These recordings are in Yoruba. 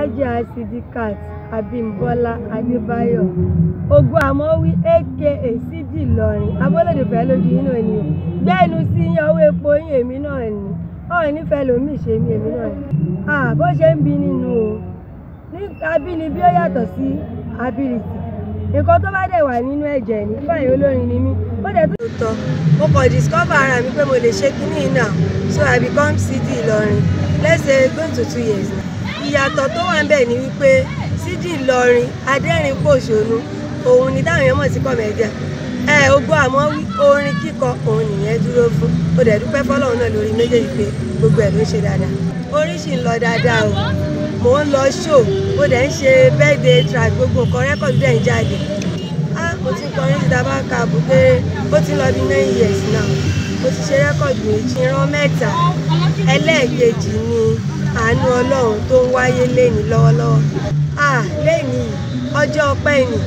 alhaja sidikat abimbola adébáyò ogun àmọwí aka sídì ìlọrin abọlódìfẹ lójú yín náà ni o gbẹnu sí yín ọwọ́ epo yín èmi náà ni ọ̀rọ̀ nífẹ̀ẹ́ lòmíì ṣe mí èmi náà ni bó ṣe ń bi nínú o ní abínibí ó yàtọ̀ sí ability nǹkan tó bá dẹ̀ wà nínú ẹ̀jẹ̀ ní báyìí olórin ni mí ó dẹ̀ tó. tòótọ́ mo kàn discover ara mi pé mo lè ṣe kínní náà so I become sídì ìlọrin let's say going to two years now ìyàtọ̀ tó wà ń bẹ̀ ni wípé Sídì Ìlọrin adẹ́rìn pòṣónú òun ni táwọn èèyàn mọ̀ sí kọ̀mẹ́díà ẹ ogbó àmọ́ orin kíkọ òun nìyẹn dúró fún ó dẹ̀ dúpẹ́ fọ́lọ́run náà lórí méjèèjì pé gbogbo ẹ̀ ló ń ṣe dáadáa orin ń lọ dáadáa o mò ń lọ ṣó mo dẹ̀ ń ṣe birthday track gbogbo nǹkan rẹ́kọ̀dù dẹ̀ ń jáde á mo ti kọrin síta bá ka àbúgbé ó ti lọ bí nine years now mo ti ṣe rẹ́kọ̀dù méjì rán mẹ́ta ẹlẹ́ẹ̀kejì ni àánú ọlọ́run tó ń wáyé léni lọ́wọ́lọ́wọ́ ah léni ọjọ́ ọpẹ́ ni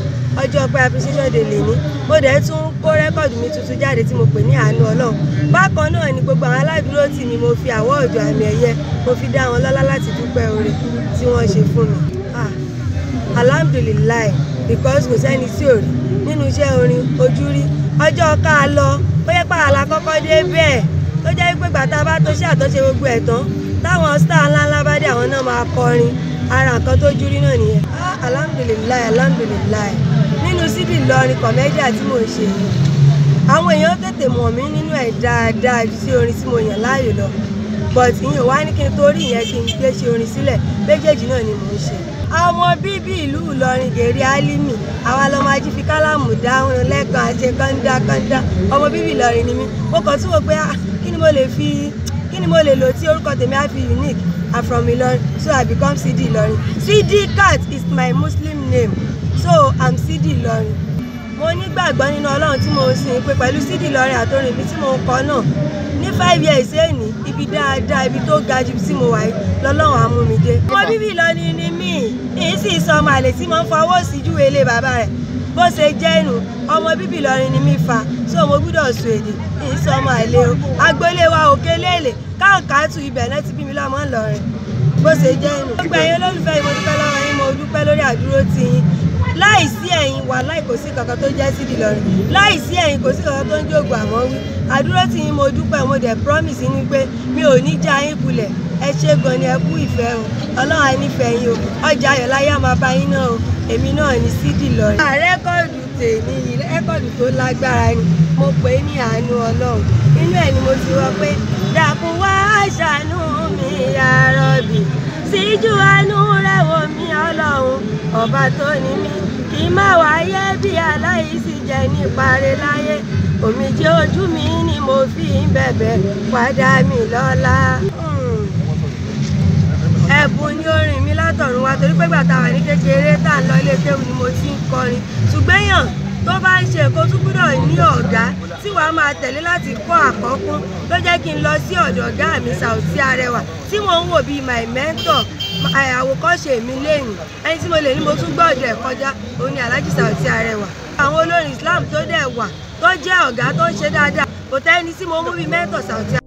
ọjọ́ ọpẹ́ appreciation day léni mo dẹ̀ tún kó rẹ́kọ̀dù mi tuntun jáde tí mo pè ní àánú ọlọ́run bákan náà ni gbogbo àwọn aládùúró tì mí mo fi àwọ̀ ọ̀dọ̀ àmì ẹ̀yẹ mo fi dá wọn lọ́lá láti dúpẹ́ oore tí wọ́n ṣe fún mi alhamdulilayi because kò sẹ́ni tí ò rí nínú iṣẹ́ orin ojú rí ọjọ́ ká lọ ó yẹ pààlà kọ́kọ́ dé bẹ́ẹ̀ tó jẹ́ pé gbàtà bá tó ṣe àtọ́ṣe gbogbo ẹ̀ tán táwọn star ńláńlá bá dé àwọn náà máa kọrin ara nǹkan tó júrí náà nìyẹn alhamdulilayi alhamdulilayi nínú síbi Ìlọrin kọ̀mẹ́díà tí mò ń ṣe yìí àwọn èèyàn tètè mọ̀ mí nínú ẹ̀ dáadáa ju sí orin tí mo yàn láàyò lọ but ìyẹn wá ní kí n torí ìyẹn kí n gbé ṣe orin sílẹ̀ méjèèjì náà ni mò ń ṣe àwọn bíbí ìlú Ìlọrin gèrè Álímì àwa lọmọ ajífi kálámù dáhùn lẹ́ẹ̀kan àti kọ́ńdá ọmọ bíbí Ìlọrin ni mí mo kàn tún wò pé ah, kí ni mo lè fi kí mo lè lò tí orúkọ tèmi á fi unique i'm from Ilorin so i become CD Ilorin CD Kat is my Muslim name so i'm CD Ilorin mo nígbàgbọ́ nínú ọlọ́run tí mo ń sìn pé pẹ̀lú CD Ilorin àtòrin ibi tí mo ń kọ́ náà ní five years èèní ibi dáadáa ibi tó ga jù tí mo wà yìí lọ́lọ́run á mú mi dé. ọmọ bíbí Ìlọrin ni mí èyí sì sọ ọmọ àlè tí mo ń fọwọ́ sí júwèé lé bàbá rẹ̀ bó ṣe jẹ́ inú ọmọ bíbí Ìlọrin ni mí fa so mo gbúdọ̀ sọ èdè kìí sọ ọmọ àìlè o agboolé wa òkè léèlè káàkátù ibẹ̀ náà ti bí mi lọ́mọ ńlọrin bó ṣe jẹ́ inú. gbogbo ẹ̀yin olólùfẹ́ ìmọ̀dúpẹ́ lọ́wọ́ yín mo dúpẹ́ lórí àdúró ti yín láì sí ẹ̀yin wà láì kò sí kankan tó jẹ́ sí ìlọrin láì sí ẹ̀yin kò sí kankan tó ń jòògùn àmọ́ wí àdúró tí mo dúpẹ́ mo dẹ̀ promise ni pé mi ò ní já yín kulẹ̀ ẹ ṣe gan ni ẹ kú ìfẹ́ o ọlọ́run á yín o ọjà ayọ̀láyé máa bá yín náà o èmi náà ní sí ìlọrin. rẹ́kọ̀dù tèmi yìí rẹ́kọ̀dù tó lágbára ni mo pè é ní àánú ọlọ́run inú ẹ̀ ni mo ti wọ pé dàkún wá ṣàánú mi yàrá ọ̀bì síjú àánú rẹ̀ wò mí ọlọ́run ọba tó ní mí kì í má wáyé bí aláìsí jẹ níparí láyé òmìjé ojú mi ni mo fi ń bẹ̀bẹ̀ padà mi lọ́la. Hmm. ẹ̀bùn ni orin mi látọ̀run wá torí pé gbàtà wà ní kékeré tá à ń lọ ilé kéwù ni mo ti ń kọrin ṣùgbẹ́yàn tó bá ń ṣe kó tún ní ọ̀gá tí wàá máa tẹ̀lé láti kọ́ àkọ́kún ló jẹ́ kí n lọ sí ọ̀dọ̀ ọ̀gá mi Saoty Arẹwà tí wọ́n ń wò bíi my mentor àwòkọ́ṣe mi léyìn ẹni tí mo lè ní mo tún gbọ́dọ̀ ẹ̀ kọjá òun ni Alhaji Saoty Arewa àwọn olórin Islam tó dẹ̀ wà tó jẹ́ ọ̀gá tó ń ṣe dáadáa kò tẹ́ni tí mo mú bíi mẹ́tọ̀ Saoty